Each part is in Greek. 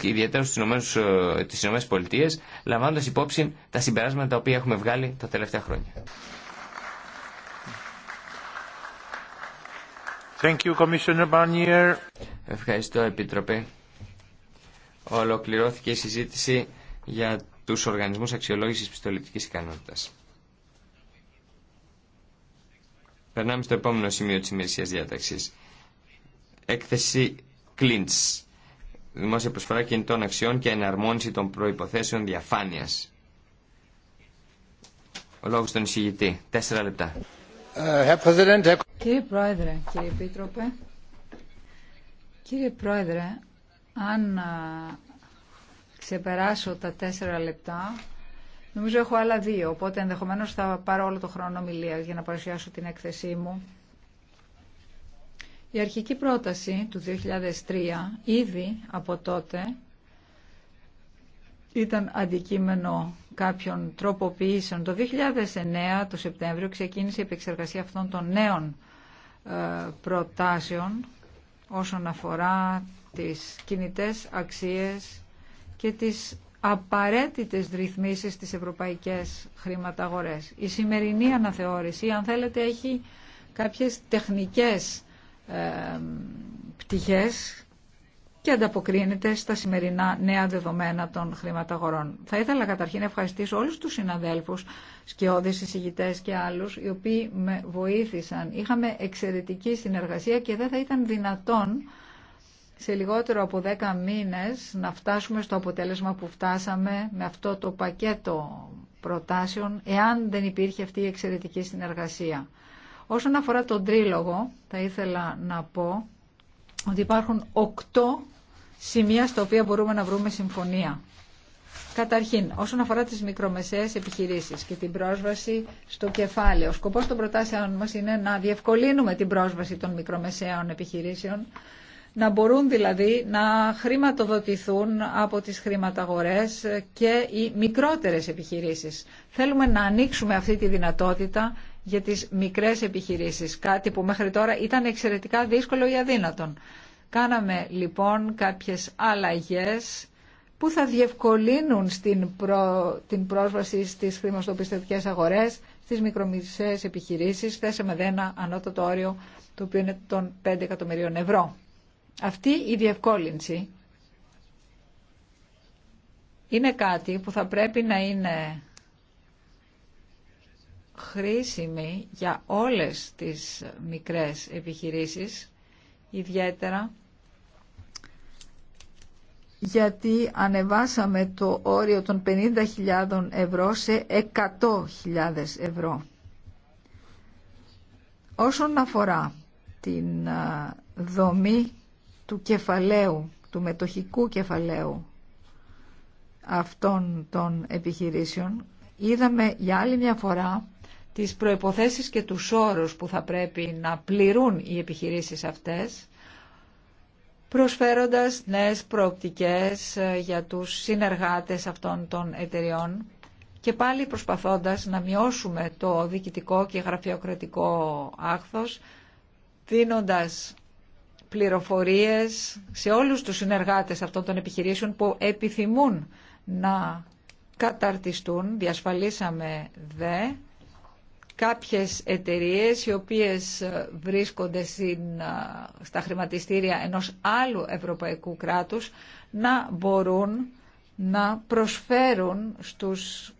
και ιδιαίτερα στις ε, Ηνωμένες Πολιτείες, λαμβάνοντας υπόψη τα συμπεράσματα τα οποία έχουμε βγάλει τα τελευταία χρόνια. Thank you, Ευχαριστώ, Επίτροπε. Ολοκληρώθηκε η συζήτηση για τους οργανισμούς αξιολόγησης πιστοληπτικής ικανότητας. Περνάμε στο επόμενο σημείο της ημερησίας διάταξης. Έκθεση Κλίντς δημόσια προσφορά κινητών αξιών και εναρμόνιση των προϋποθέσεων διαφάνειας. Ο λόγος στον εισηγητή. Τέσσερα λεπτά. Ε, κύριε Πρόεδρε, κύριε Επίτροπε, κύριε Πρόεδρε, αν ξεπεράσω τα τέσσερα λεπτά, νομίζω έχω άλλα δύο, οπότε ενδεχομένως θα πάρω όλο το χρόνο ομιλία για να παρουσιάσω την έκθεσή μου. Η αρχική πρόταση του 2003 ήδη από τότε ήταν αντικείμενο κάποιων τροποποιήσεων. Το 2009, το Σεπτέμβριο, ξεκίνησε η επεξεργασία αυτών των νέων ε, προτάσεων όσον αφορά τις κινητές αξίες και τις απαραίτητες ρυθμίσεις στις ευρωπαϊκές χρηματαγορές. Η σημερινή αναθεώρηση, αν θέλετε, έχει κάποιες τεχνικές πτυχές και ανταποκρίνεται στα σημερινά νέα δεδομένα των χρηματαγορών. Θα ήθελα καταρχήν να ευχαριστήσω όλους τους συναδέλφους, σκιώδες εισηγητές και άλλους, οι οποίοι με βοήθησαν. Είχαμε εξαιρετική συνεργασία και δεν θα ήταν δυνατόν σε λιγότερο από 10 μήνες να φτάσουμε στο αποτέλεσμα που φτάσαμε με αυτό το πακέτο προτάσεων, εάν δεν υπήρχε αυτή η εξαιρετική συνεργασία. Όσον αφορά τον τρίλογο, θα ήθελα να πω ότι υπάρχουν οκτώ σημεία στα οποία μπορούμε να βρούμε συμφωνία. Καταρχήν, όσον αφορά τις μικρομεσαίες επιχειρήσεις και την πρόσβαση στο κεφάλαιο, ο σκοπός των προτάσεων μας είναι να διευκολύνουμε την πρόσβαση των μικρομεσαίων επιχειρήσεων, να μπορούν δηλαδή να χρηματοδοτηθούν από τις χρηματαγορές και οι μικρότερες επιχειρήσεις. Θέλουμε να ανοίξουμε αυτή τη δυνατότητα για τις μικρές επιχειρήσεις, κάτι που μέχρι τώρα ήταν εξαιρετικά δύσκολο ή αδύνατον. Κάναμε λοιπόν κάποιες αλλαγές που θα διευκολύνουν στην την πρόσβαση στις χρηματοπιστωτικές αγορές, στις μικρομεσαίες επιχειρήσεις, θέσαμε δε ένα ανώτατο όριο το οποίο είναι των 5 εκατομμυρίων ευρώ. Αυτή η διευκόλυνση είναι κάτι που θα πρέπει να είναι χρήσιμη για όλες τις μικρές επιχειρήσεις, ιδιαίτερα γιατί ανεβάσαμε το όριο των 50.000 ευρώ σε 100.000 ευρώ. Όσον αφορά την δομή του κεφαλαίου, του μετοχικού κεφαλαίου αυτών των επιχειρήσεων, είδαμε για άλλη μια φορά τις προϋποθέσεις και τους όρους που θα πρέπει να πληρούν οι επιχειρήσεις αυτές, προσφέροντας νέες προοπτικές ε, για τους συνεργάτες αυτών των εταιριών και πάλι προσπαθώντας να μειώσουμε το διοικητικό και γραφειοκρατικό άχθος, δίνοντας πληροφορίες σε όλους τους συνεργάτες αυτών των επιχειρήσεων που επιθυμούν να καταρτιστούν. Διασφαλίσαμε δε κάποιες εταιρείες οι οποίες ε, βρίσκονται στην, ε, στα χρηματιστήρια ενός άλλου ευρωπαϊκού κράτους να μπορούν να προσφέρουν στους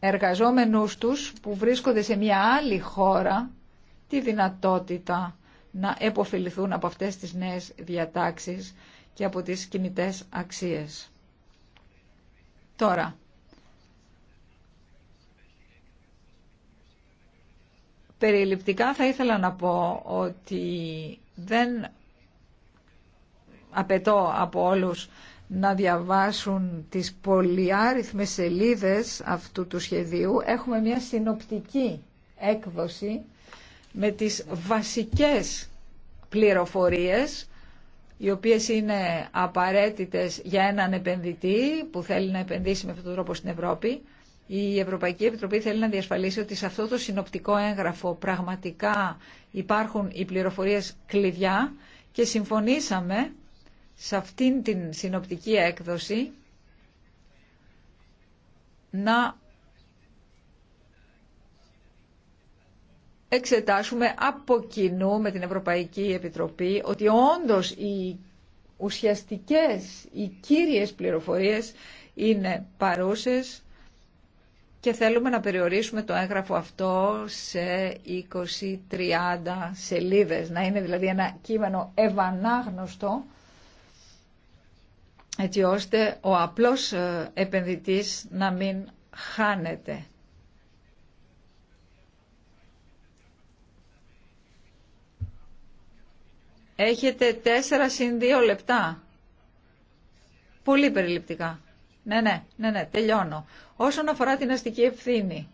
εργαζόμενους τους που βρίσκονται σε μια άλλη χώρα τη δυνατότητα να επωφεληθούν από αυτές τις νέες διατάξεις και από τις κινητές αξίες. Τώρα, Περιληπτικά θα ήθελα να πω ότι δεν απαιτώ από όλους να διαβάσουν τις πολυάριθμες σελίδες αυτού του σχεδίου. Έχουμε μια συνοπτική έκδοση με τις βασικές πληροφορίες οι οποίες είναι απαραίτητες για έναν επενδυτή που θέλει να επενδύσει με αυτόν τον τρόπο στην Ευρώπη η Ευρωπαϊκή Επιτροπή θέλει να διασφαλίσει ότι σε αυτό το συνοπτικό έγγραφο πραγματικά υπάρχουν οι πληροφορίες κλειδιά και συμφωνήσαμε σε αυτήν την συνοπτική έκδοση να εξετάσουμε από κοινού με την Ευρωπαϊκή Επιτροπή ότι όντως οι ουσιαστικές, οι κύριες πληροφορίες είναι παρούσες και θέλουμε να περιορίσουμε το έγγραφο αυτό σε 20-30 σελίδες, να είναι δηλαδή ένα κείμενο ευανάγνωστο, έτσι ώστε ο απλός ε, επενδυτής να μην χάνεται. Έχετε 4 συν 2 λεπτά. Πολύ περιληπτικά. Ναι, ναι, ναι, ναι, τελειώνω. Όσον αφορά την αστική ευθύνη,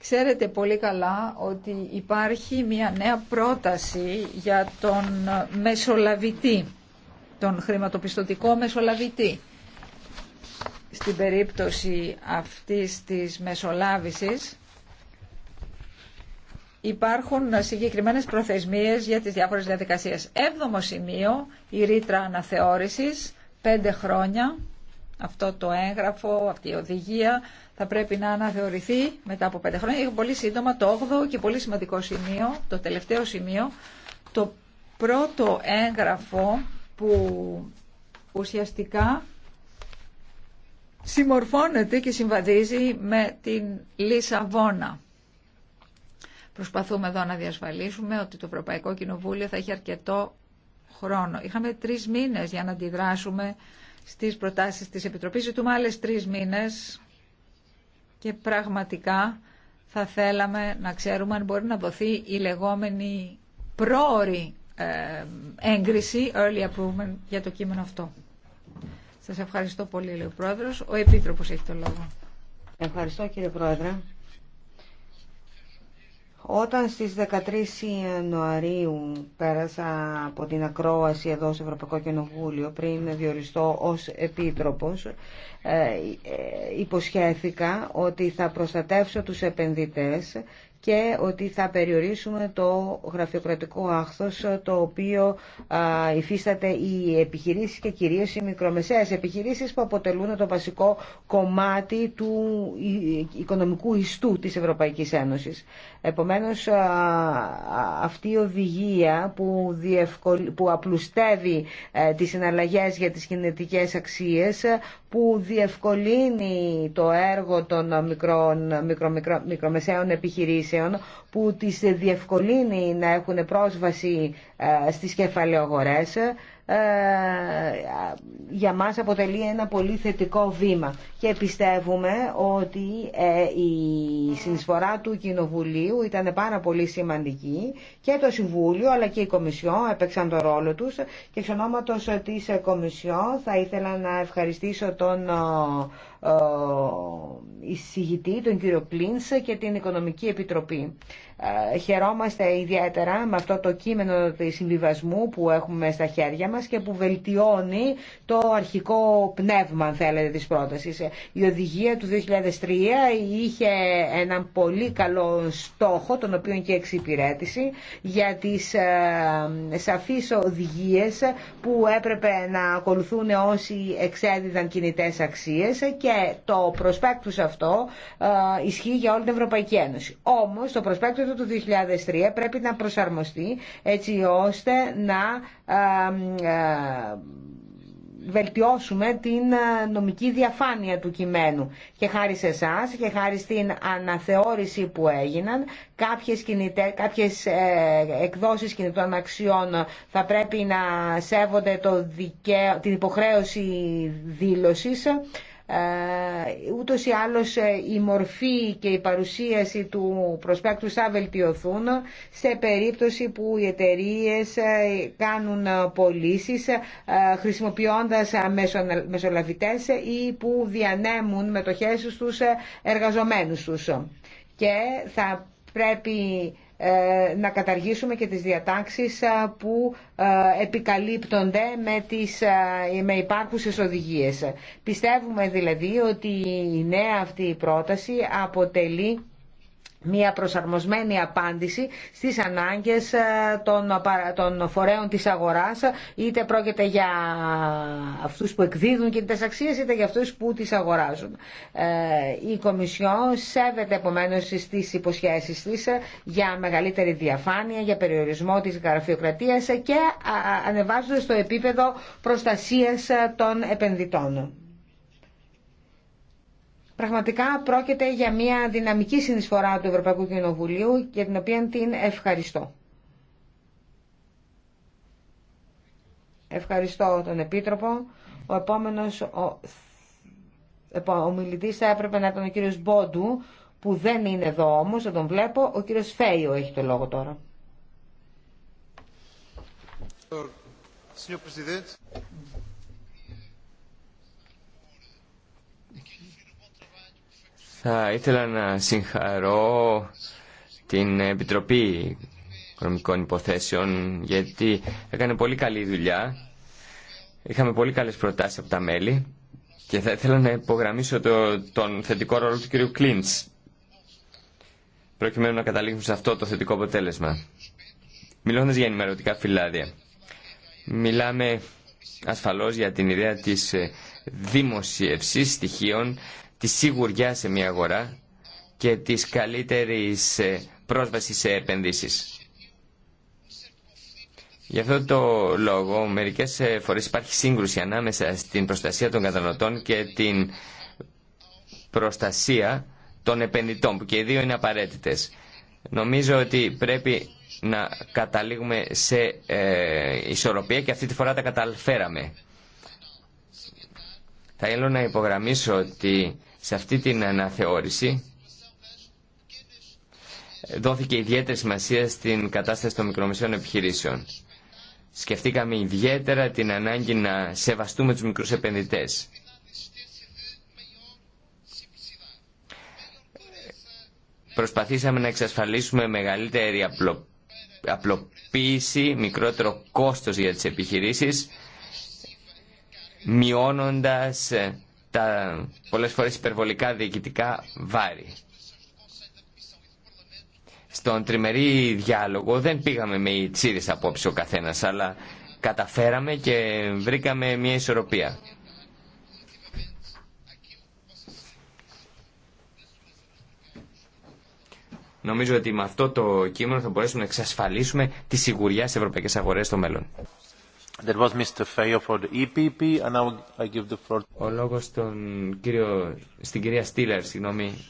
ξέρετε πολύ καλά ότι υπάρχει μια νέα πρόταση για τον μεσολαβητή, τον χρηματοπιστωτικό μεσολαβητή. Στην περίπτωση αυτής της μεσολάβησης, υπάρχουν συγκεκριμένες προθεσμίες για τις διάφορες διαδικασίες. Έβδομο σημείο, η ρήτρα αναθεώρησης, πέντε χρόνια αυτό το έγγραφο, αυτή η οδηγία θα πρέπει να αναθεωρηθεί μετά από πέντε χρόνια. Έχω πολύ σύντομα το 8ο και πολύ σημαντικό σημείο, το τελευταίο σημείο, το πρώτο έγγραφο που ουσιαστικά συμμορφώνεται και συμβαδίζει με την Λισαβόνα. Προσπαθούμε εδώ να διασφαλίσουμε ότι το Ευρωπαϊκό Κοινοβούλιο θα έχει αρκετό χρόνο. Είχαμε τρεις μήνες για να αντιδράσουμε στις προτάσεις της Επιτροπής. Ζητούμε άλλες τρεις μήνες και πραγματικά θα θέλαμε να ξέρουμε αν μπορεί να δοθεί η λεγόμενη πρόορη ε, έγκριση, early approval, για το κείμενο αυτό. Σας ευχαριστώ πολύ, λέει ο Πρόεδρος. Ο Επίτροπος έχει το λόγο. Ευχαριστώ, κύριε Πρόεδρε. Όταν στις 13 Ιανουαρίου πέρασα από την ακρόαση εδώ στο Ευρωπαϊκό Κοινοβούλιο πριν διοριστώ ως επίτροπος, ε, ε, υποσχέθηκα ότι θα προστατεύσω τους επενδυτές και ότι θα περιορίσουμε το γραφειοκρατικό άχθος το οποίο υφίσταται οι επιχειρήσεις και κυρίως οι μικρομεσαίες επιχειρήσεις που αποτελούν το βασικό κομμάτι του οικονομικού ιστού της Ευρωπαϊκής Ένωσης. Επομένως αυτή η οδηγία που, διευκολ... που απλουστεύει ε, τις συναλλαγές για τις κινητικές αξίες που διευκολύνει το έργο των μικρών, μικρο, μικρομεσαίων επιχειρήσεων, που τις διευκολύνει να έχουν πρόσβαση ε, στις κεφαλαιογορές, ε, για μας αποτελεί ένα πολύ θετικό βήμα και πιστεύουμε ότι ε, η συνεισφορά του Κοινοβουλίου ήταν πάρα πολύ σημαντική και το Συμβούλιο αλλά και η Κομισιό έπαιξαν το ρόλο τους και εξ ονόματος της Κομισιό θα ήθελα να ευχαριστήσω τον ε, εισηγητή, τον κύριο Πλίνσε και την Οικονομική Επιτροπή. Ε, χαιρόμαστε ιδιαίτερα με αυτό το κείμενο του συμβιβασμού που έχουμε στα χέρια μας και που βελτιώνει το αρχικό πνεύμα, αν θέλετε, της πρότασης. Η οδηγία του 2003 είχε έναν πολύ καλό στόχο, τον οποίο και εξυπηρέτηση, για τις ε, σαφείς οδηγίες που έπρεπε να ακολουθούν όσοι εξέδιδαν κινητές αξίες και και το προσπέκτους αυτό ε, ισχύει για όλη την Ευρωπαϊκή Ένωση. Όμως το προσπέκτους του 2003 πρέπει να προσαρμοστεί έτσι ώστε να ε, βελτιώσουμε την ε, νομική διαφάνεια του κειμένου. Και χάρη σε εσά και χάρη στην αναθεώρηση που έγιναν, κάποιες, κινητε, κάποιες εκδόσεις κινητών αξιών θα πρέπει να σέβονται το την υποχρέωση δήλωσης ε, ούτως ή άλλως ε, η μορφή και η παρουσίαση του προσπέκτου θα βελτιωθούν σε περίπτωση που οι εταιρείε ε, κάνουν πωλήσει χρησιμοποιώντας μεσολαβητές ή που διανέμουν μετοχές τους εργαζομένους τους. Και θα πρέπει ε, να καταργήσουμε και τις διατάξεις ε, που ε, επικαλύπτονται με, τις, με υπάρχουσες οδηγίες. Πιστεύουμε δηλαδή ότι η νέα αυτή πρόταση αποτελεί μια προσαρμοσμένη απάντηση στις ανάγκες ε, των φορέων της αγοράς είτε πρόκειται για αυτούς που εκδίδουν και τις αξίες είτε για αυτούς που τις αγοράζουν. Ε, η Κομισιόν σέβεται επομένως στις υποσχέσεις της για μεγαλύτερη διαφάνεια, για περιορισμό της γραφειοκρατίας και ανεβάζοντας το επίπεδο προστασίας των επενδυτών. Πραγματικά πρόκειται για μια δυναμική συνεισφορά του Ευρωπαϊκού Κοινοβουλίου για την οποία την ευχαριστώ. Ευχαριστώ τον Επίτροπο. Ο επόμενος ο, θα έπρεπε να ήταν ο κύριος Μπόντου, που δεν είναι εδώ όμως, δεν τον βλέπω. Ο κύριος Φέιο έχει το λόγο τώρα. Θα ήθελα να συγχαρώ την Επιτροπή Οικονομικών Υποθέσεων γιατί έκανε πολύ καλή δουλειά. Είχαμε πολύ καλές προτάσεις από τα μέλη και θα ήθελα να υπογραμμίσω τον θετικό ρόλο του κ. Κλίντς προκειμένου να καταλήξουμε σε αυτό το θετικό αποτέλεσμα. Μιλώντα για ενημερωτικά φυλάδια, μιλάμε ασφαλώς για την ιδέα της ε, δημοσίευσης στοιχείων της σιγουριάς σε μια αγορά και της καλύτερης ε, πρόσβασης σε επενδύσεις. Γι' αυτό το λόγο μερικές ε, φορές υπάρχει σύγκρουση ανάμεσα στην προστασία των καταναλωτών και την προστασία των επενδυτών που και οι δύο είναι απαραίτητες. Νομίζω ότι πρέπει να καταλήγουμε σε ε, ισορροπία και αυτή τη φορά τα καταφέραμε. Θα ήθελα να υπογραμμίσω ότι σε αυτή την αναθεώρηση δόθηκε ιδιαίτερη σημασία στην κατάσταση των μικρομεσαίων επιχειρήσεων. Σκεφτήκαμε ιδιαίτερα την ανάγκη να σεβαστούμε τους μικρούς επενδυτές. Προσπαθήσαμε να εξασφαλίσουμε μεγαλύτερη απλο... απλοποίηση, μικρότερο κόστος για τις επιχειρήσεις, μειώνοντας τα πολλές φορές υπερβολικά διοικητικά βάρη. Στον τριμερή διάλογο δεν πήγαμε με οι τσίρες απόψε ο καθένας, αλλά καταφέραμε και βρήκαμε μια ισορροπία. Νομίζω ότι με αυτό το κείμενο θα μπορέσουμε να εξασφαλίσουμε τη σιγουριά σε ευρωπαϊκές αγορές στο μέλλον. Ο λόγος στον κύριο, στην κυρία Στήλερ, συγγνώμη,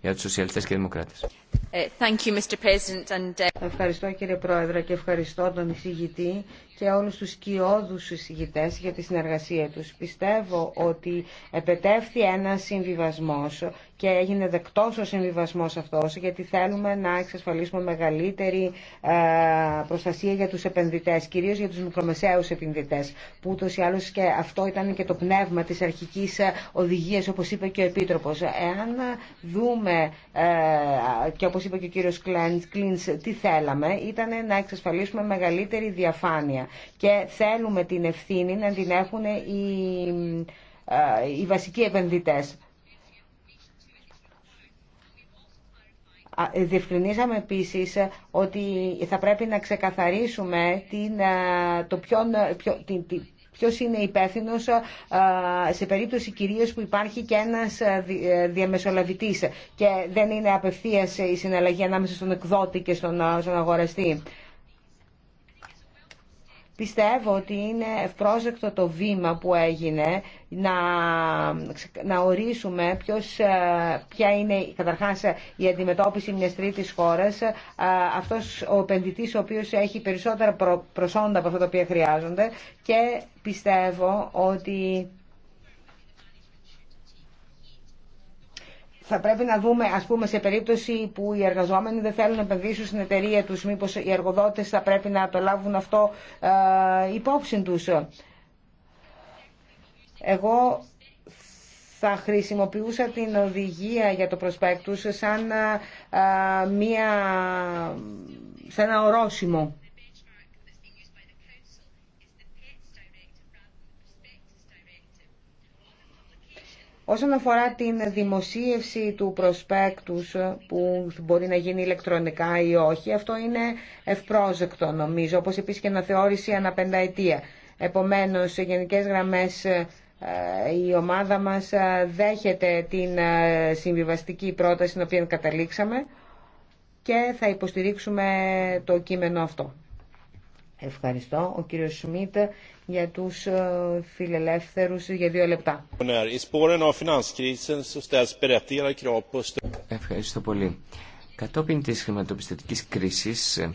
για τους σοσιαλιστές και δημοκράτες. Ε, thank you, Mr. President, and... Ε, ευχαριστώ κύριε Πρόεδρε και ευχαριστώ τον εισηγητή και όλους τους κοιόδους εισηγητές για τη συνεργασία τους. Πιστεύω ότι επετεύθη ένα συμβιβασμός και έγινε δεκτός ο συμβιβασμός αυτός γιατί θέλουμε να εξασφαλίσουμε μεγαλύτερη ε, προστασία για τους επενδυτές, κυρίως για τους μικρομεσαίους επενδυτές που ούτως ή άλλως και αυτό ήταν και το πνεύμα της αρχικής ε, οδηγίας όπως είπε και ο Επίτροπος. Εάν δούμε ε, και όπως είπε και ο κύριος Κλίνς τι θέλαμε ήταν να εξασφαλίσουμε μεγαλύτερη διαφάνεια και θέλουμε την ευθύνη να την έχουν οι, οι βασικοί επενδυτές. Διευκρινίσαμε επίσης ότι θα πρέπει να ξεκαθαρίσουμε την, το ποιον, ποιο, την, την, ποιος είναι υπεύθυνο σε περίπτωση κυρίως που υπάρχει και ένας διαμεσολαβητής και δεν είναι απευθείας η συναλλαγή ανάμεσα στον εκδότη και στον, στον αγοραστή. Πιστεύω ότι είναι ευπρόσδεκτο το βήμα που έγινε να, να ορίσουμε ποιος, ε, ποια είναι καταρχάς ε, η αντιμετώπιση μιας τρίτης χώρας, ε, αυτός ο επενδυτή ο οποίος έχει περισσότερα προσόντα από αυτά τα οποία χρειάζονται και πιστεύω ότι θα πρέπει να δούμε, ας πούμε, σε περίπτωση που οι εργαζόμενοι δεν θέλουν να επενδύσουν στην εταιρεία τους, μήπως οι εργοδότες θα πρέπει να το λάβουν αυτό ε, υπόψη τους. Εγώ θα χρησιμοποιούσα την οδηγία για το προσπέκτους σαν, ε, μία, σαν ένα ορόσημο. Όσον αφορά την δημοσίευση του προσπέκτους που μπορεί να γίνει ηλεκτρονικά ή όχι, αυτό είναι ευπρόζεκτο νομίζω, όπως επίσης και αναθεώρηση ανά πενταετία. Επομένως, σε γενικές γραμμές ε, η οχι αυτο ειναι ευπροζεκτο νομιζω οπως επισης και να ανα αναπενταετία. επομενως σε γενικες γραμμες η ομαδα μας ε, δέχεται την ε, συμβιβαστική πρόταση την οποία καταλήξαμε και θα υποστηρίξουμε το κείμενο αυτό. Ευχαριστώ. Ο κύριος Σμίτ για τους ε, φιλελεύθερους για δύο λεπτά. Ευχαριστώ πολύ. Κατόπιν της χρηματοπιστωτικής κρίσης ε,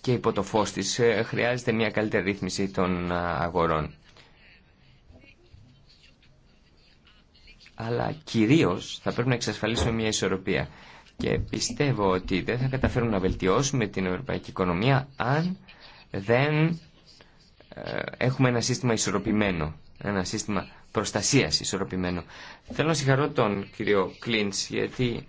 και υπό το φως της ε, χρειάζεται μια καλύτερη ρύθμιση των αγορών. Αλλά κυρίως θα πρέπει να εξασφαλίσουμε μια ισορροπία. Και πιστεύω ότι δεν θα καταφέρουμε να βελτιώσουμε την ευρωπαϊκή οικονομία αν δεν ε, έχουμε ένα σύστημα ισορροπημένο, ένα σύστημα προστασίας ισορροπημένο. Θέλω να συγχαρώ τον κύριο Κλίντς γιατί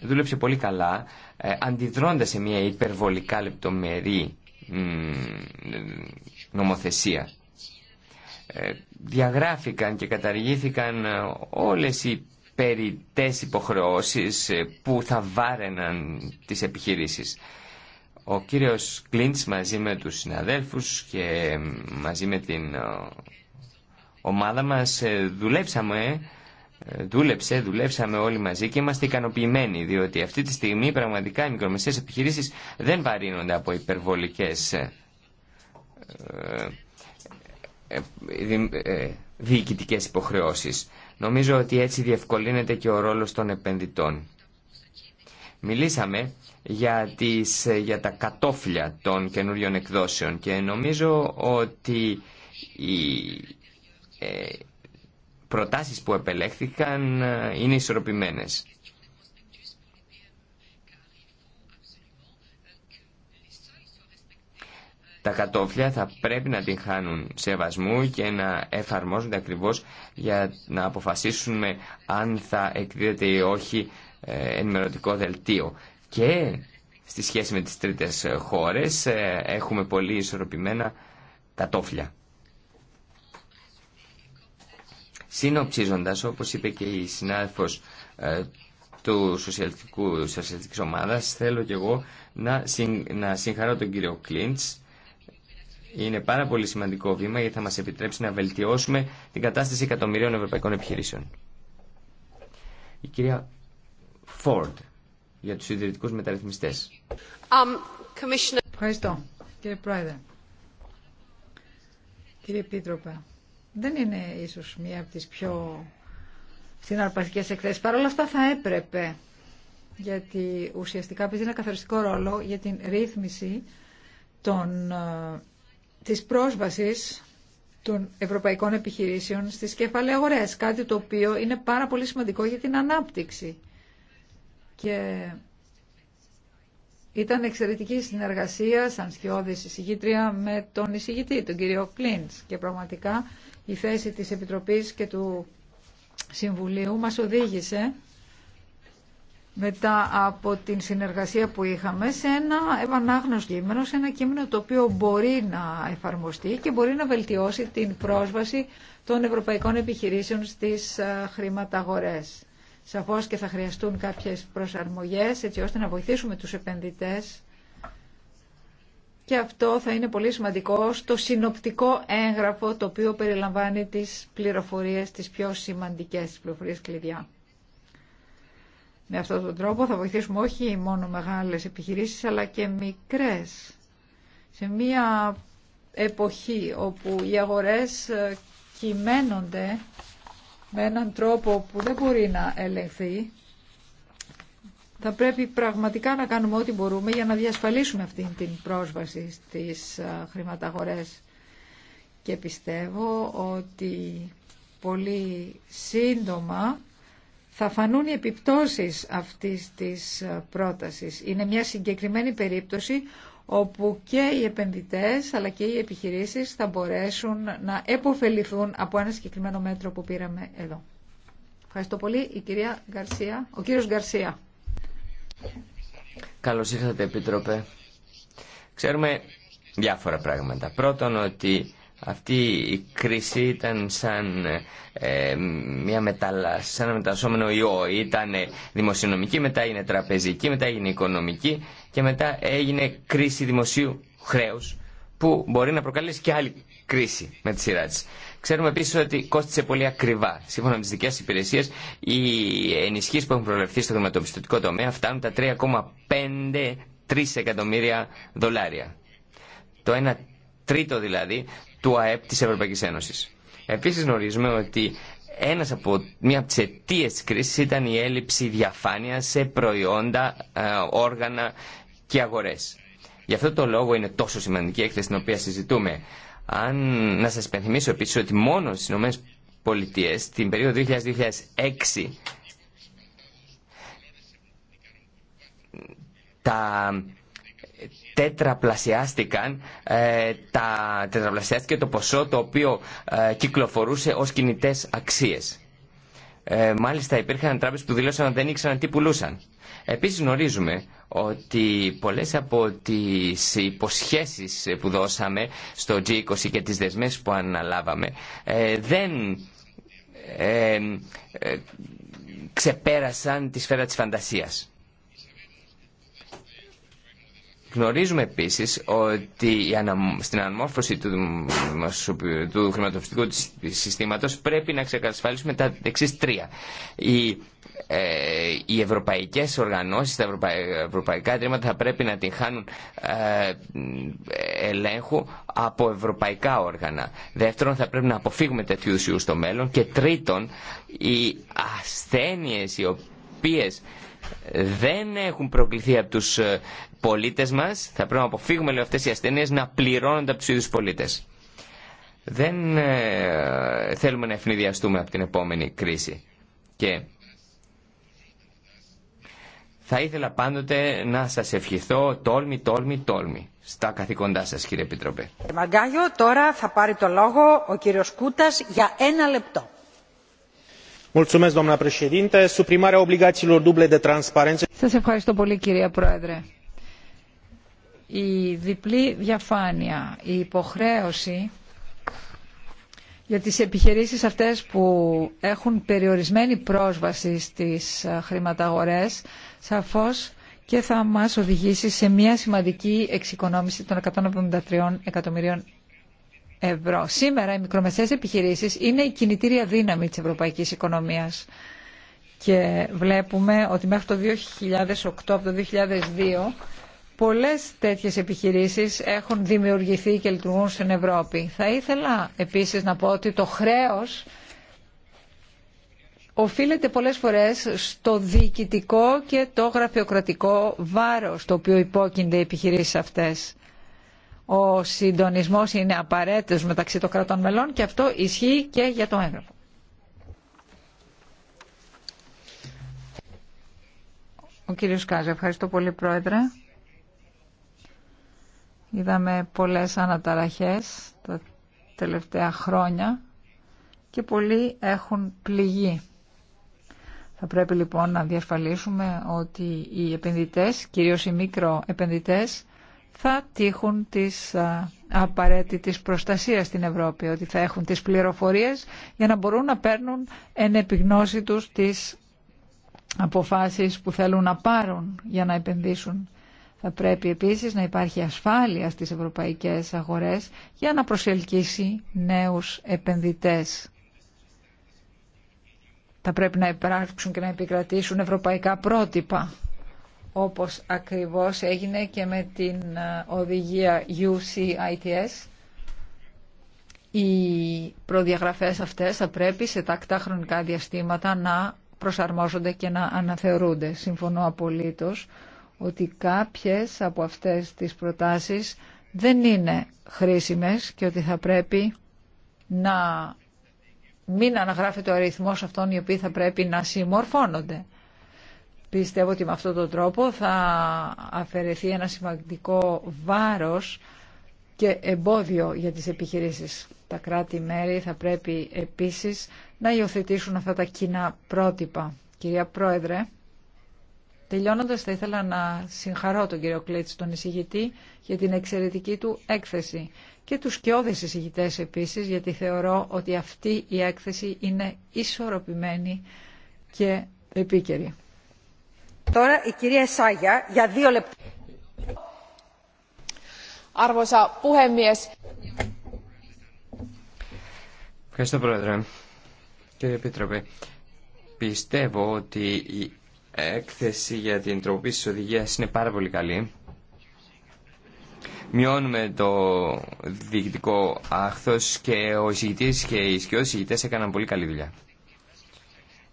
δούλεψε πολύ καλά ε, αντιδρώντας σε μια υπερβολικά λεπτομερή νομοθεσία. Ε, διαγράφηκαν και καταργήθηκαν όλες οι περιττές υποχρεώσεις που θα βάρεναν τις επιχειρήσεις. Ο κύριος Κλίντς μαζί με τους συναδέλφους και μαζί με την ε, ομάδα μας ε, δουλέψαμε, ε, δούλεψε, δουλέψαμε όλοι μαζί και είμαστε ικανοποιημένοι διότι αυτή τη στιγμή πραγματικά οι μικρομεσαίες επιχειρήσεις δεν βαρύνονται από υπερβολικές διοικητικές υποχρεώσεις. Νομίζω ότι έτσι διευκολύνεται και ο ρόλος των επενδυτών. Μιλήσαμε για, τις, για τα κατόφλια των καινούριων εκδόσεων και νομίζω ότι οι ε, προτάσεις που επελέχθηκαν ε, είναι ισορροπημένες. Τα κατόφλια θα πρέπει να την χάνουν σεβασμού και να εφαρμόζονται ακριβώς για να αποφασίσουμε αν θα εκδίδεται ή όχι ε, ενημερωτικό δελτίο. Και στη σχέση με τις τρίτες χώρες ε, έχουμε πολύ ισορροπημένα κατόφλια. Συνοψίζοντας, όπως είπε και η συνάδελφος ε, του σοσιαλιστικού, σοσιαλιστικής ομάδας, θέλω και εγώ να, συν, να συγχαρώ τον κύριο Κλίντς. Είναι πάρα πολύ σημαντικό βήμα γιατί θα μας επιτρέψει να βελτιώσουμε την κατάσταση εκατομμυρίων ευρωπαϊκών επιχειρήσεων. Η κυρία Ford για τους ιδρυτικούς μεταρρυθμιστές. Um, Commissioner... Ευχαριστώ, κύριε Πρόεδρε. Κύριε Επίτροπε, δεν είναι ίσως μία από τις πιο συναρπαστικές εκθέσεις. Παρ' όλα αυτά θα έπρεπε, γιατί ουσιαστικά παίζει ένα καθοριστικό ρόλο για την ρύθμιση των, ε, της πρόσβασης των ευρωπαϊκών επιχειρήσεων στις κεφαλαίες αγορές, κάτι το οποίο είναι πάρα πολύ σημαντικό για την ανάπτυξη και ήταν εξαιρετική συνεργασία σαν σκιώδης εισηγήτρια με τον εισηγητή, τον κύριο Κλίντς και πραγματικά η θέση της Επιτροπής και του Συμβουλίου μας οδήγησε μετά από την συνεργασία που είχαμε σε ένα ευανάγνωστο κείμενο, σε ένα κείμενο το οποίο μπορεί να εφαρμοστεί και μπορεί να βελτιώσει την πρόσβαση των ευρωπαϊκών επιχειρήσεων στις ε, χρηματαγορές. Σαφώς και θα χρειαστούν κάποιες προσαρμογές έτσι ώστε να βοηθήσουμε τους επενδυτές και αυτό θα είναι πολύ σημαντικό στο συνοπτικό έγγραφο το οποίο περιλαμβάνει τις πληροφορίες, τις πιο σημαντικές τις πληροφορίες κλειδιά. Με αυτόν τον τρόπο θα βοηθήσουμε όχι μόνο μεγάλες επιχειρήσεις αλλά και μικρές. Σε μια εποχή όπου οι αγορές κυμαίνονται με έναν τρόπο που δεν μπορεί να ελεγχθεί, θα πρέπει πραγματικά να κάνουμε ό,τι μπορούμε για να διασφαλίσουμε αυτή την πρόσβαση στις χρηματαγορές. Και πιστεύω ότι πολύ σύντομα θα φανούν οι επιπτώσεις αυτής της πρότασης. Είναι μια συγκεκριμένη περίπτωση όπου και οι επενδυτές αλλά και οι επιχειρήσεις θα μπορέσουν να επωφεληθούν από ένα συγκεκριμένο μέτρο που πήραμε εδώ. Ευχαριστώ πολύ. Η κυρία Γκαρσία, ο κύριος Γκαρσία. Καλώς ήρθατε, Επίτροπε. Ξέρουμε διάφορα πράγματα. Πρώτον, ότι αυτή η κρίση ήταν σαν, ε, μια μεταλλα, σαν ένα μεταλλασσόμενο ιό. Ήταν δημοσιονομική, μετά έγινε τραπεζική, μετά έγινε οικονομική και μετά έγινε κρίση δημοσίου χρέους που μπορεί να προκαλέσει και άλλη κρίση με τη σειρά της. Ξέρουμε επίση ότι κόστησε πολύ ακριβά. Σύμφωνα με τι δικέ υπηρεσίε, οι ενισχύσει που έχουν προβλεφθεί στο χρηματοπιστωτικό τομέα φτάνουν τα 3,53 εκατομμύρια δολάρια. Το 1 τρίτο δηλαδή του ΑΕΠ της Ευρωπαϊκής Ένωσης. Επίσης γνωρίζουμε ότι ένας από, μία από τις αιτίες της κρίσης ήταν η έλλειψη διαφάνειας σε προϊόντα, ε, όργανα και αγορές. Γι' αυτό το λόγο είναι τόσο σημαντική η έκθεση την οποία συζητούμε. Αν να σας υπενθυμίσω επίσης ότι μόνο στις ΗΠΑ την περιοδο 2000-2006 τα τέτραπλασιάστηκαν ε, τα, τετραπλασιάστηκε το ποσό το οποίο ε, κυκλοφορούσε ως κινητές αξίες. Ε, μάλιστα υπήρχαν τράπεζες που δηλώσαν ότι δεν ήξεραν τι πουλούσαν. Επίσης γνωρίζουμε ότι πολλές από τις υποσχέσεις που δώσαμε στο G20 και τις δεσμές που αναλάβαμε δεν ξεπέρασαν τη σφαίρα της φαντασίας. Γνωρίζουμε επίσης ότι στην αναμόρφωση του, του χρηματοπιστικού συστήματος πρέπει να ξεκασφαλίσουμε τα εξής τρία. Οι, ε, οι ευρωπαϊκές οργανώσεις, τα ευρωπαϊκά ιδρύματα θα πρέπει να την χάνουν ε, ελέγχου από ευρωπαϊκά όργανα. Δεύτερον, θα πρέπει να αποφύγουμε τέτοιου ουσιού στο μέλλον. Και τρίτον, οι ασθένειες οποίες δεν έχουν προκληθεί από τους ε, πολίτες μας, θα πρέπει να αποφύγουμε λέω, αυτές οι ασθένειες να πληρώνονται από τους ίδιους πολίτες. Δεν ε, θέλουμε να ευνηδιαστούμε από την επόμενη κρίση. Και θα ήθελα πάντοτε να σας ευχηθώ τόλμη, τόλμη, τόλμη στα καθήκοντά σας κύριε Επιτροπέ. Μαγκάγιο, τώρα θα πάρει το λόγο ο κύριος Κούτας για ένα λεπτό suprimarea ευχαριστώ πολύ κυρία Πρόεδρε. Η διπλή διαφάνεια, η υποχρέωση για τις επιχειρήσεις αυτές που έχουν περιορισμένη πρόσβαση στις ε, χρηματαγορές, σαφώς και θα μας οδηγήσει σε μια σημαντική εξοικονόμηση των 173 εκατομμυρίων ευρώ. Σήμερα οι μικρομεσαίες επιχειρήσεις είναι η κινητήρια δύναμη της ευρωπαϊκής οικονομίας και βλέπουμε ότι μέχρι το 2008 το 2002 πολλές τέτοιες επιχειρήσεις έχουν δημιουργηθεί και λειτουργούν στην Ευρώπη. Θα ήθελα επίσης να πω ότι το χρέος οφείλεται πολλές φορές στο διοικητικό και το γραφειοκρατικό βάρος το οποίο υπόκεινται οι επιχειρήσεις αυτές. Ο συντονισμός είναι απαραίτητος μεταξύ των κρατών μελών και αυτό ισχύει και για το έγγραφο. Ο κύριος Κάζα, ευχαριστώ πολύ πρόεδρε. Είδαμε πολλές αναταραχές τα τελευταία χρόνια και πολλοί έχουν πληγεί. Θα πρέπει λοιπόν να διασφαλίσουμε ότι οι επενδυτές, κυρίως οι μικροεπενδυτές, θα τύχουν της απαραίτητης προστασίας στην Ευρώπη, ότι θα έχουν τις πληροφορίες για να μπορούν να παίρνουν εν επιγνώση τους τις αποφάσεις που θέλουν να πάρουν για να επενδύσουν. Θα πρέπει επίσης να υπάρχει ασφάλεια στις ευρωπαϊκές αγορές για να προσελκύσει νέους επενδυτές. Θα πρέπει να υπάρξουν και να επικρατήσουν ευρωπαϊκά πρότυπα όπως ακριβώς έγινε και με την ε, οδηγία UCITS. Οι προδιαγραφές αυτές θα πρέπει σε τακτά χρονικά διαστήματα να προσαρμόζονται και να αναθεωρούνται. Συμφωνώ απολύτως ότι κάποιες από αυτές τις προτάσεις δεν είναι χρήσιμες και ότι θα πρέπει να μην αναγράφεται ο αριθμός αυτών οι οποίοι θα πρέπει να συμμορφώνονται. Πιστεύω ότι με αυτόν τον τρόπο θα αφαιρεθεί ένα σημαντικό βάρος και εμπόδιο για τις επιχειρήσεις. Τα κράτη-μέρη θα πρέπει επίσης να υιοθετήσουν αυτά τα κοινά πρότυπα. Κυρία Πρόεδρε, τελειώνοντας θα ήθελα να συγχαρώ τον κύριο Κλέτς, τον εισηγητή, για την εξαιρετική του έκθεση και τους σκιώδες εισηγητές επίσης, γιατί θεωρώ ότι αυτή η έκθεση είναι ισορροπημένη και επίκαιρη. Τώρα η κυρία Σάγια για δύο λεπτά. puhemies. Ευχαριστώ πρόεδρε. Κύριε Επίτροπε, πιστεύω ότι η έκθεση για την τροποποίηση της οδηγίας είναι πάρα πολύ καλή. Μειώνουμε το διοικητικό άχθος και ο εισηγητής και οι σκιώδες εισηγητές έκαναν πολύ καλή δουλειά.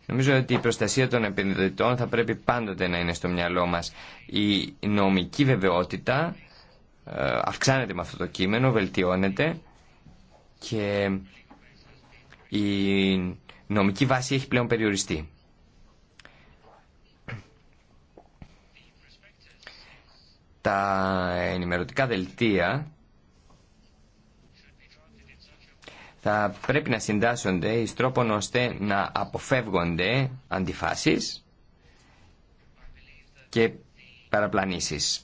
Νομίζω ότι η προστασία των επενδυτών θα πρέπει πάντοτε να είναι στο μυαλό μας. Η νομική βεβαιότητα ε, αυξάνεται με αυτό το κείμενο, βελτιώνεται και η νομική βάση έχει πλέον περιοριστεί. Τα ενημερωτικά δελτία θα πρέπει να συντάσσονται εις τρόπον ώστε να αποφεύγονται αντιφάσεις και παραπλανήσεις.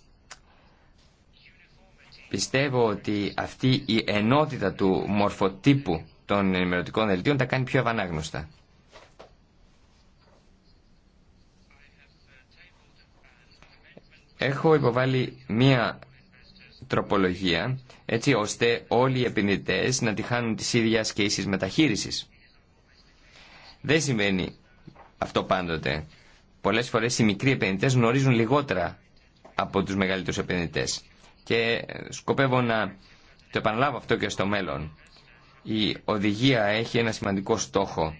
Πιστεύω ότι αυτή η ενότητα του μορφοτύπου των ενημερωτικών δελτίων τα κάνει πιο ευανάγνωστα. Έχω υποβάλει μία τροπολογία έτσι ώστε όλοι οι επενδυτές να τη χάνουν της ίδιας και ίσης μεταχείρισης. Δεν συμβαίνει αυτό πάντοτε. Πολλές φορές οι μικροί επενδυτές γνωρίζουν λιγότερα από τους μεγαλύτερους επενδυτές. Και σκοπεύω να το επαναλάβω αυτό και στο μέλλον. Η οδηγία έχει ένα σημαντικό στόχο.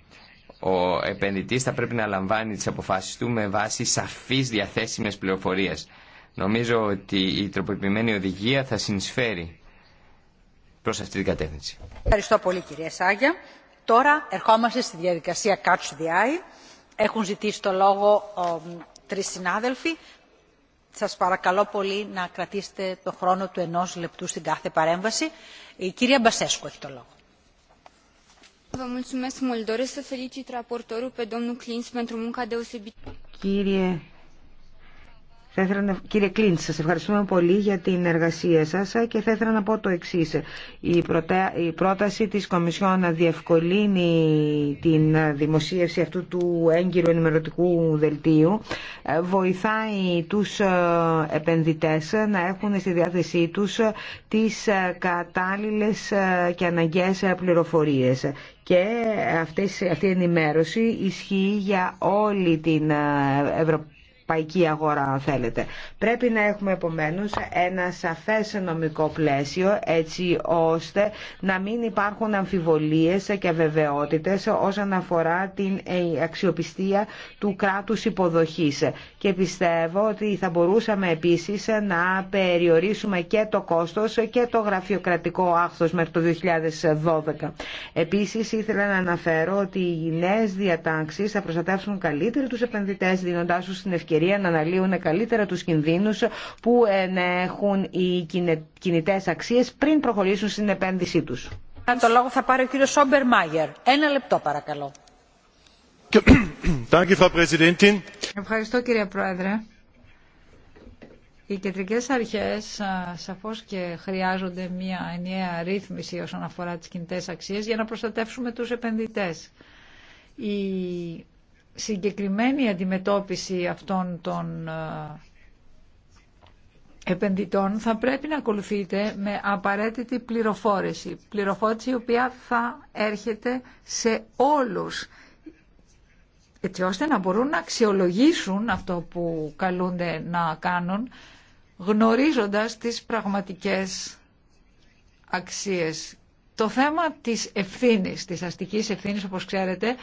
Ο επενδυτής θα πρέπει να λαμβάνει τις αποφάσεις του με βάση σαφής διαθέσιμες πληροφορίες. Νομίζω ότι η τροποποιημένη οδηγία θα συνεισφέρει προς αυτή την κατεύθυνση. Ευχαριστώ πολύ κυρία Σάγια. Τώρα ερχόμαστε στη διαδικασία Catch the Eye. Έχουν ζητήσει το λόγο ο, τρεις συνάδελφοι. Σας παρακαλώ πολύ να κρατήσετε το χρόνο του ενός λεπτού στην κάθε παρέμβαση. Η κυρία Μπασέσκου έχει το λόγο. Κύριε θα Κύριε Κλίντ, σας ευχαριστούμε πολύ για την εργασία σας και θα ήθελα να πω το εξή. Η, πρόταση της Κομισιόν να διευκολύνει την δημοσίευση αυτού του έγκυρου ενημερωτικού δελτίου ε, βοηθάει τους ε, επενδυτές να έχουν στη διάθεσή τους ε, τις κατάλληλες και αναγκαίες πληροφορίες και αυτή η ενημέρωση ισχύει για όλη την Ευρωπαϊκή ευρωπαϊκή αγορά αν θέλετε. Πρέπει να έχουμε επομένως ένα σαφές νομικό πλαίσιο έτσι ώστε να μην υπάρχουν αμφιβολίες και βεβαιότητες όσον αφορά την ε, αξιοπιστία του κράτους υποδοχής. Και πιστεύω ότι θα μπορούσαμε επίσης να περιορίσουμε και το κόστος και το γραφειοκρατικό άχθος μέχρι το 2012. Επίσης ήθελα να αναφέρω ότι οι νέες διατάξεις θα προστατεύσουν καλύτερα τους επενδυτές δίνοντάς τους την ευκαιρία ευκαιρία να αναλύουν καλύτερα τους κινδύνους που έχουν οι κινητές αξίες πριν προχωρήσουν στην επένδυσή τους. Το λόγο θα πάρει ο κύριος Σόμπερ Μάγερ. Ένα λεπτό παρακαλώ. Ευχαριστώ κύριε Πρόεδρε. Οι κεντρικές αρχές σαφώς και χρειάζονται μια ενιαία ρύθμιση όσον αφορά τις κινητές αξίες για να προστατεύσουμε τους επενδυτές. Η συγκεκριμένη αντιμετώπιση αυτών των ε, επενδυτών θα πρέπει να ακολουθείτε με απαραίτητη πληροφόρηση. Πληροφόρηση η οποία θα έρχεται σε όλους έτσι ώστε να μπορούν να αξιολογήσουν αυτό που καλούνται να κάνουν γνωρίζοντας τις πραγματικές αξίες. Το θέμα της ευθύνης, της αστικής ευθύνης όπως ξέρετε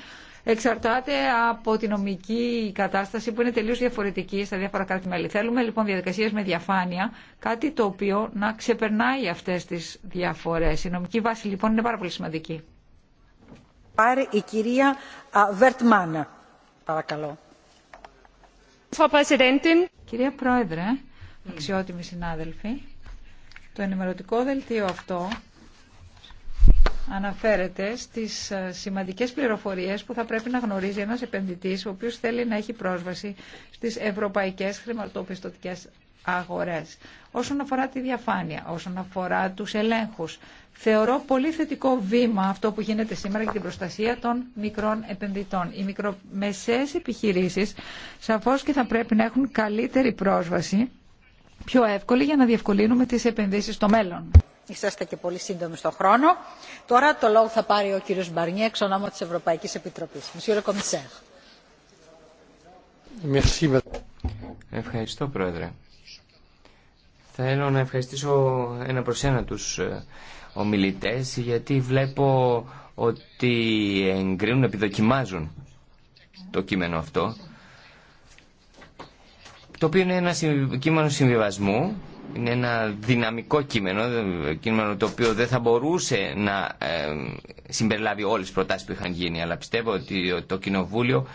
εξαρτάται από τη νομική κατάσταση που είναι τελείως διαφορετική στα διάφορα κράτη-μέλη. Θέλουμε λοιπόν διαδικασίες με διαφάνεια, κάτι το οποίο να ξεπερνάει αυτές τις διαφορές. Η νομική βάση λοιπόν είναι πάρα πολύ σημαντική. Πάρε η κυρία Βερτμάνα. Παρακαλώ. Κυρία Πρόεδρε, αξιότιμοι συνάδελφοι, το ενημερωτικό δελτίο αυτό αναφέρεται στις ε, σημαντικές πληροφορίες που θα πρέπει να γνωρίζει ένας επενδυτής ο οποίος θέλει να έχει πρόσβαση στις ευρωπαϊκές χρηματοπιστωτικές αγορές. Όσον αφορά τη διαφάνεια, όσον αφορά τους ελέγχους, θεωρώ πολύ θετικό βήμα αυτό που γίνεται σήμερα για την προστασία των μικρών επενδυτών. Οι μικρομεσαίες επιχειρήσεις σαφώς και θα πρέπει να έχουν καλύτερη πρόσβαση, πιο εύκολη για να διευκολύνουμε τις επενδύσεις στο μέλλον. Είσαστε και πολύ σύντομοι στον χρόνο. Τώρα το λόγο θα πάρει ο κύριος Μπαρνιέ, εξ ονόμα της Ευρωπαϊκής Επιτροπής. Ευχαριστώ, Πρόεδρε. Θέλω να ευχαριστήσω ένα προς ένα τους ε, ομιλητές, γιατί βλέπω ότι εγκρίνουν, επιδοκιμάζουν το κείμενο αυτό, το οποίο είναι ένα κείμενο συμβιβασμού, είναι ένα δυναμικό κείμενο, κείμενο το οποίο δεν θα μπορούσε να ε, συμπεριλάβει όλες τις προτάσεις που είχαν γίνει, αλλά πιστεύω ότι το Κοινοβούλιο,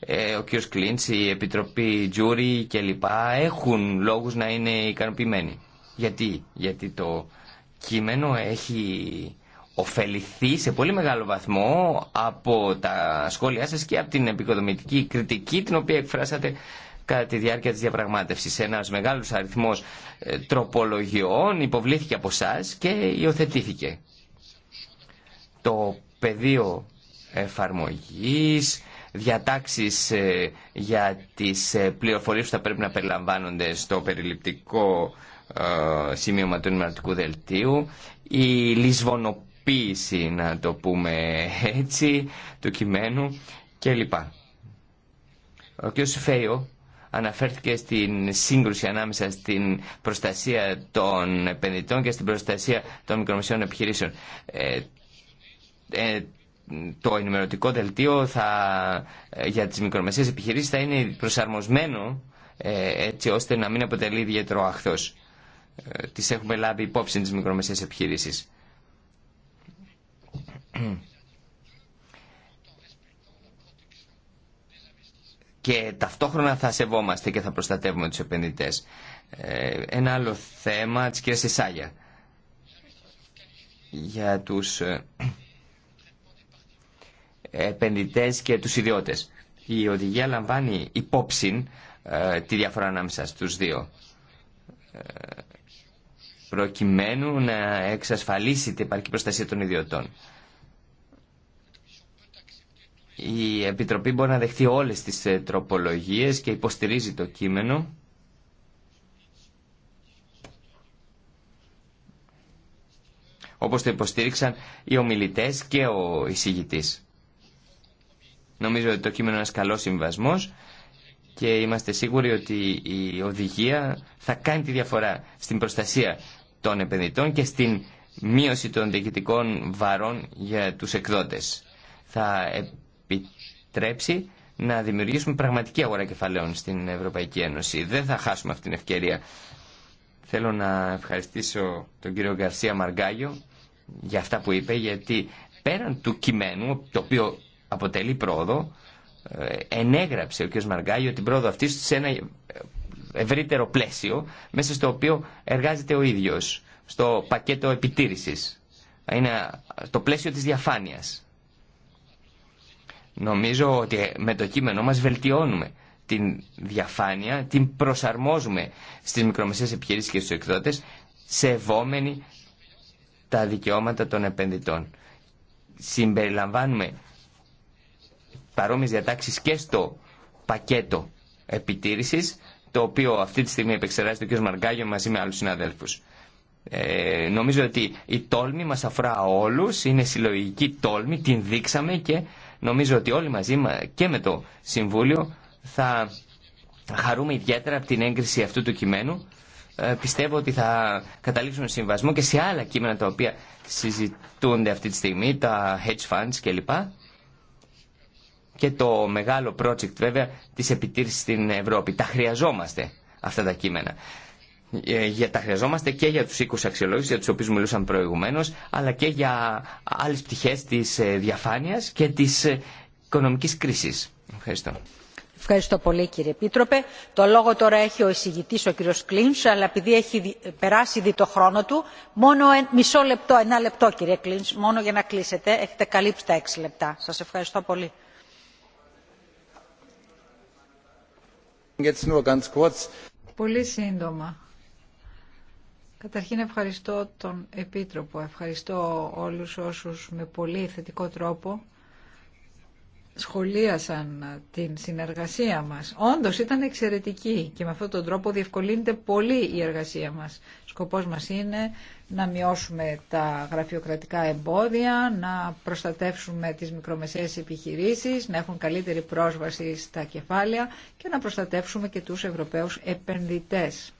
ε, ο κ. Κλίντς, η Επιτροπή Τζούρι κλπ. έχουν λόγους να είναι ικανοποιημένοι. Γιατί, Γιατί το κείμενο έχει ωφεληθεί σε πολύ μεγάλο βαθμό από τα σχόλιά σας και από την επικοδομητική κριτική την οποία εκφράσατε κατά τη διάρκεια της διαπραγμάτευσης. Ένας μεγάλος αριθμός ε, τροπολογιών υποβλήθηκε από εσά και υιοθετήθηκε. Το πεδίο εφαρμογής, διατάξεις ε, για τις ε, πληροφορίες που θα πρέπει να περιλαμβάνονται στο περιληπτικό σημείωμα του ενημερωτικού δελτίου, η λησβονοποίηση, να το πούμε έτσι, του κειμένου κλπ. Ο κ. Φέιο αναφέρθηκε στην σύγκρουση ανάμεσα στην προστασία των επενδυτών και στην προστασία των μικρομεσαίων επιχειρήσεων. Ε, ε, το ενημερωτικό δελτίο θα, ε, για τις μικρομεσαίες επιχειρήσεις θα είναι προσαρμοσμένο ε, έτσι ώστε να μην αποτελεί ιδιαίτερο αχθός. Τις έχουμε λάβει υπόψη τις μικρομεσαίες επιχειρήσεις. και ταυτόχρονα θα σεβόμαστε και θα προστατεύουμε τους επενδυτές. Ε, ένα άλλο θέμα της κυρία Σισάγια. για τους ε, επενδυτές και τους ιδιώτες. Η οδηγία λαμβάνει υπόψη ε, τη διαφορά ανάμεσα στους δύο προκειμένου να εξασφαλίσει την επαρκή προστασία των ιδιωτών. Η Επιτροπή μπορεί να δεχτεί όλες τις ε, τροπολογίες και υποστηρίζει το κείμενο. Όπως το υποστήριξαν οι ομιλητές και ο εισηγητής. Νομίζω ότι το κείμενο είναι ένας καλός συμβασμός και είμαστε σίγουροι ότι η οδηγία θα κάνει τη διαφορά στην προστασία των επενδυτών και στην μείωση των διοικητικών βαρών για τους εκδότες. Θα ε, επιτρέψει να δημιουργήσουμε πραγματική αγορά κεφαλαίων στην Ευρωπαϊκή Ένωση. Δεν θα χάσουμε αυτή την ευκαιρία. Θέλω να ευχαριστήσω τον κύριο Γκαρσία Μαργκάγιο για αυτά που είπε, γιατί πέραν του κειμένου, το οποίο αποτελεί πρόοδο, ε, ενέγραψε ο κ. Μαργκάγιο την πρόοδο αυτή σε ένα ευρύτερο πλαίσιο, μέσα στο οποίο εργάζεται ο ίδιος, στο πακέτο επιτήρησης. Είναι το πλαίσιο της διαφάνειας. Νομίζω ότι με το κείμενό μας βελτιώνουμε την διαφάνεια, την προσαρμόζουμε στις μικρομεσαίες επιχειρήσεις και στους εκδότες, σεβόμενοι τα δικαιώματα των επενδυτών. Συμπεριλαμβάνουμε παρόμοιες διατάξεις και στο πακέτο επιτήρησης, το οποίο αυτή τη στιγμή επεξεργάζεται ο κ. Μαργκάγιο μαζί με άλλους συναδέλφους. Ε, νομίζω ότι η τόλμη μας αφορά όλους, είναι συλλογική τόλμη, την δείξαμε και Νομίζω ότι όλοι μαζί και με το Συμβούλιο θα χαρούμε ιδιαίτερα από την έγκριση αυτού του κειμένου. Ε, πιστεύω ότι θα καταλήξουμε συμβασμό και σε άλλα κείμενα τα οποία συζητούνται αυτή τη στιγμή, τα hedge funds κλπ. Και το μεγάλο project βέβαια της επιτήρησης στην Ευρώπη. Τα χρειαζόμαστε αυτά τα κείμενα. Ε, για, τα χρειαζόμαστε και για τους 20 αξιολόγηση για τους οποίους μιλούσαν προηγουμένως αλλά και για άλλες πτυχές της ε, διαφάνειας και της ε, οικονομικής κρίσης. Ευχαριστώ. Ευχαριστώ πολύ κύριε Επίτροπε. Το λόγο τώρα έχει ο εισηγητής ο κύριος Κλίνς, αλλά επειδή έχει περάσει δι το χρόνο του, μόνο μισό λεπτό, ένα λεπτό κύριε Κλίνς, μόνο για να κλείσετε. Έχετε καλύψει τα έξι λεπτά. Σας ευχαριστώ πολύ. Πολύ σύντομα Καταρχήν ευχαριστώ τον Επίτροπο, ευχαριστώ όλους όσους με πολύ θετικό τρόπο σχολίασαν την συνεργασία μας. Όντως ήταν εξαιρετική και με αυτόν τον τρόπο διευκολύνεται πολύ η εργασία μας. Σκοπός μας είναι να μειώσουμε τα γραφειοκρατικά εμπόδια, να προστατεύσουμε τις μικρομεσαίες επιχειρήσεις, να έχουν καλύτερη πρόσβαση στα κεφάλαια και να προστατεύσουμε και τους Ευρωπαίους επενδυτές.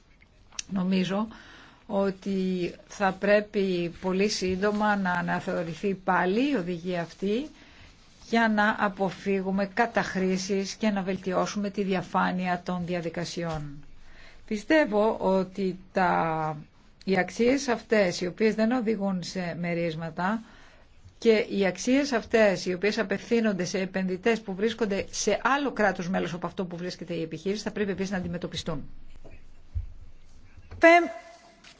Νομίζω ότι θα πρέπει πολύ σύντομα να αναθεωρηθεί πάλι η οδηγία αυτή για να αποφύγουμε καταχρήσεις και να βελτιώσουμε τη διαφάνεια των διαδικασιών. Πιστεύω ότι τα... οι αξίες αυτές, οι οποίες δεν οδηγούν σε μερίσματα και οι αξίες αυτές, οι οποίες απευθύνονται σε επενδυτές που βρίσκονται σε άλλο κράτος μέλος από αυτό που βρίσκεται η επιχείρηση, θα πρέπει επίσης να αντιμετωπιστούν.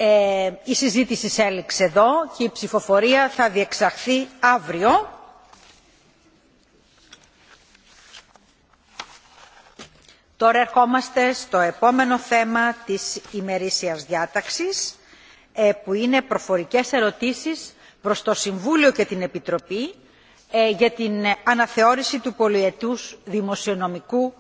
Ε, η συζήτηση έληξε εδώ και η ψηφοφορία θα διεξαχθεί αύριο. Τώρα ερχόμαστε στο επόμενο θέμα της ημερήσιας διάταξης ε, που είναι προφορικές ερωτήσεις προς το Συμβούλιο και την Επιτροπή ε, για την αναθεώρηση του πολυετούς δημοσιονομικού